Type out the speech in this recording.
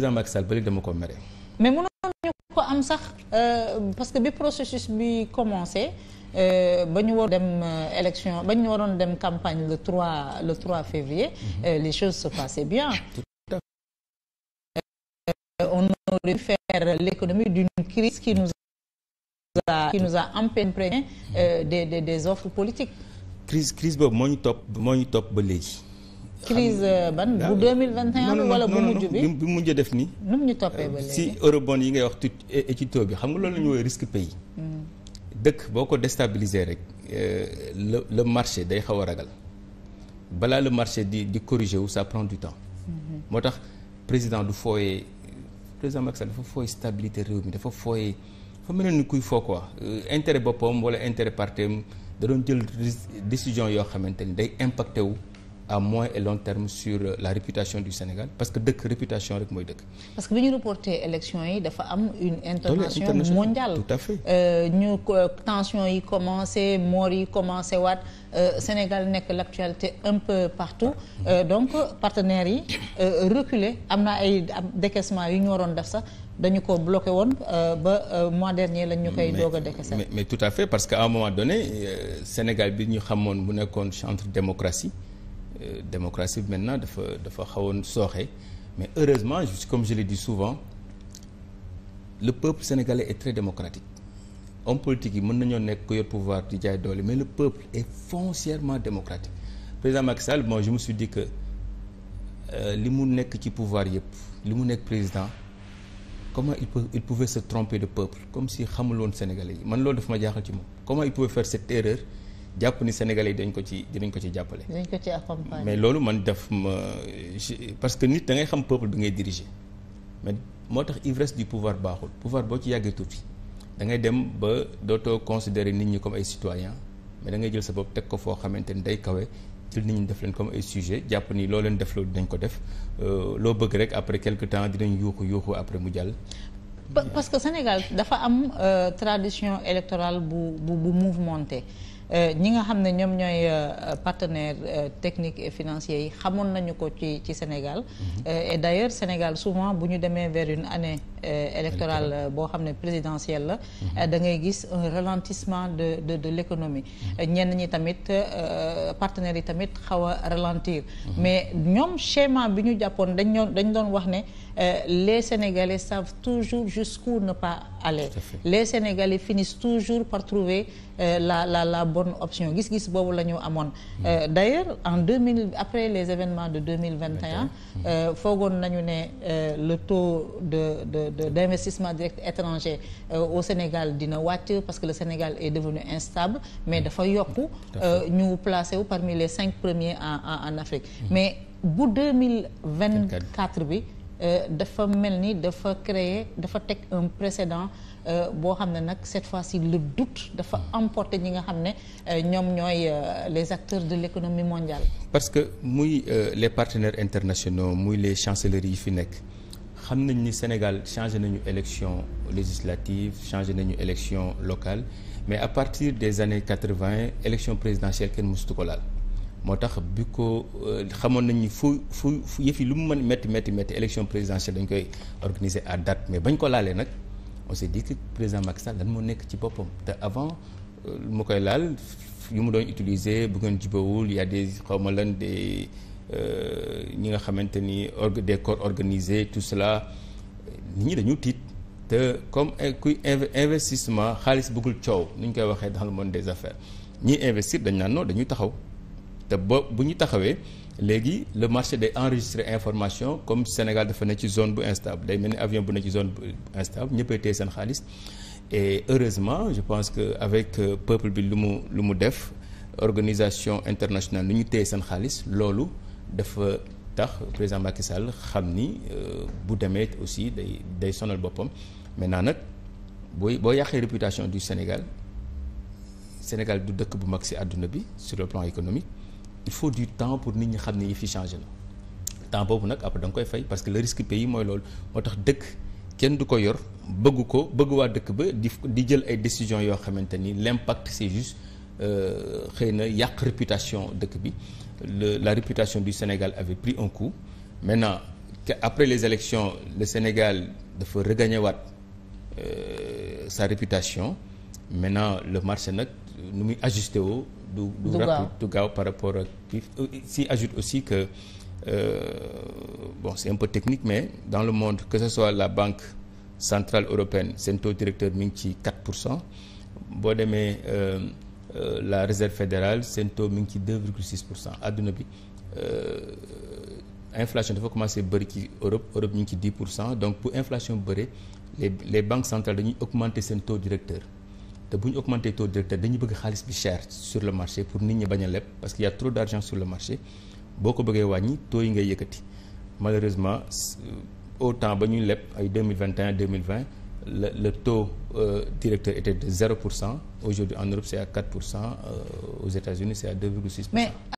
président Macky Sall dama ko mere. mais mënoon ñu ko am sax euh, parce que bi processus bi commencé euh, ba ñu war dem euh, élection ba ñu waroon dem campagne le trois le trois février. Mm -hmm. euh, les choses se passaient bien. on aurait dû faire l'économie d'une crise qui nous qui nous a empêtré euh, des, des des offres politiques. crise crise boobu moo ñu topp moo ñu topp ba léegi. crise euh, ban bu 2021 wala bu mujj bi bi mujj def ni nu mu ñu toppee ba léegi si eurobond yi ngay wax ci ci bi xam nga loolu la ñu woowee risque pays hmm. dëkk boo ko déstabiliser rek euh, le le marché day xaw a ragal balaa le marché di di corriger wu ça prend hmm. moo tax président du fooyee président Macky Sall stabilité réew mi dafa fooyee dafa mel ni kuy foo quoi euh, intérêt boppam wala intérêt partem da doon jël décision yoo xamante ni day impacté wu à moyen et long terme sur la réputation du Sénégal parce que dëkk réputation rek mooy dëkk. parce que bi ñu reporté élection yi dafa am une intervention mondiale tout à fait euh, ñu tension yi commencé moor yi commencé waat euh, Sénégal nekk l' actualité un peu partout euh, donc partenaires yi reculé am na ay décaissement yu ñu waroon def sax dañu ko bloqué woon ba mois dernier lañ ñu koy doog a décaissé mais tout à fait parce que à un moment donné Sénégal bi ñu xamoon mu nekkoon centre démocratie Euh, démocratie bi maintenant dafa dafa xawoon sooxe mais heureusement comme je le dis souvent le peuple sénégale est très démocratique homme politique yi mën nañoo nekk ku yor pouvoir di jaay doole mais le peuple est foncièrement démocratique président Macky Sall bon je me suis dit que euh, li mu nekk ci pouvoir yëpp li mu nekk président comment il peut il pouvait se tromper de peuple comme si xamuloon sénégalais yi man loo dafa ma jaaxal ci moom comment il pouvait jàpp ni Sénégalais yi dañ ko ci dinañ ko ci jàppale. dañ mais loolu man def ma parce que nit da ngay xam peuple bi ngay diriger mais moo tax ivresse du pouvoir baaxul pouvoir boo ci yàggee tuuti da ngay dem ba dootoo considérer nit ñi comme ay citoyens mais da ngay jël sa bopp teg ko foo xamante ni day kawe. jël nit ñi def leen comme ay sujet jàpp nii loo leen def loolu dañ ko def euh, loo bëgg rek après quelque temps dinañ yuuxu yuuxu après mu jàll. parce que Sénégal dafa am euh, tradition électorale bu bu bu mouvementée Euh, ñi nga xam ne ñoom ñooy euh, partenaires euh, techniques et financier yi xamoon nañu ko ci ci Sénégal mhm. et d'ailleurs Sénégal souvent bu ñu demee vers année électorale boo xam ne présidentielle la mhm. da ngay gis un ralentissement de de de l'économie mhm. ñenn ñi tamit partenaires yi tamit xaw a ralentir mais ñoom schéma bi ñu jàppoon dañ dañ doon wax ne euh, les Sénégalais savent toujours jusqu'où na pas aller les Sénégalais finissent toujours par trouver euh, la la la bonne option gis-gis boobu la ñu amoon euh, hmm. d'ailleurs en 2000 après les événements de 2021 hmm. euh, foogoon nañu ne euh, le taux de de de d'investissement direct étranger au Sénégal dina wàcc parce que le Sénégal est devenu instable mais hmm. dafa yokku ñu placé wu parmi les cinq premiers en en, en Afrique mais bu 2024 bi Euh, dafa mel ni dafa créer dafa teg un précédent euh, boo xam ne nag cette fois-ci le doute dafa emporter ñi nga xam ne euh, ñoom ñooy les acteurs de l'économie mondiale. parce que muy les partenaires internationaux muy les chancelleries yi fi nekk xam nañ ni Sénégal changé nañu élection législative changé nañu élection locale mais à partir des années quatre-vingt élection présidentielle kenn mësutu ko laal. moo tax bi ko euh, xamoon nañ ni fu fu yëf yi lu mu mën métti métti métti élection présidentielle dañ koy organiser à date mais bañ ko laalee nag on s'est dit que président Macky Sall lan moo nekk ci boppam te avant euh, mu koy laal yu mu doon utiliser bu ngeen jubawul y a des xaw ma lan de euh, ñi nga xamante ni org des corps organisés tout cela nit ñi dañu tiit te comme eh, kuy investissement xaalis bëggul coow nu ñu koy waxee dans le monde des affaires ñiy investir dañ naa non dañuy taxaw. te ba bu ñu taxawee léegi le marché day enregistrer information comme Sénégal dafa na ci zone bu instable day mel ni avion bu na ci zone bu instable ñëppay téye seen xaalis et heureusement je pense que avec euh, peuple bi lu mu lu mu def organisation internationale lu ñu téye seen xaalis loolu dafa tax président Macky Sall xam ni euh, bu demee aussi day day sonal boppam maintenant nag booy boo yàqee réputation du Sénégal Sénégal du dëkk bu mag ci àdduna bi sur le plan économique il faut du temps pour nit ñi xam ne yi fi changé na temps boobu nag après da nga koy fay parce que le risque pays mooy loolu moo tax dëkk kenn du ko yor bëgg ko bëgg waa dëkk ba di di jël ay décisions yoo xamante ni l'impact c'est juste euh, xëy na yàq réputation dëkk bi la réputation du Sénégal avait pris un coup maintenant après les élections le Sénégal dafa regagner waat euh, sa réputation maintenant le marché nag nu muy ajusté woo du du rapide du gaaw par rapport ak kii euh, si ajoute aussi que euh, bon c'est un technique mais dans le monde que ce soit la banque centrale européenne seen taux directeur mi ngi ci 4 cent boo demee euh, euh, la réserve fédérale seen taux mi ngi ci 2,6 pour cent adduna bi inflation dafa commencé bëri ci Europe Europe ñu ngi ci 10 pour cent donc pour inflation bëri les les banques centrales dañuy augmenter seen taux directeur te bu ñu augmenté taux directeur dañu bëgg xaalis bi cher sur le marché pour nit ñi bañ a leb parce qu'il y a trop d'argent sur le marché boo ko bëggee wàññi taux yi ngay yëkkati malheureusement euh, au temps ba ñuy leb ay 2021 2020 le le taux euh, directeur était de 0 pour cent aujourd'hui en Europe c'est pour cent euh, aux États-Unis c'est à 2,6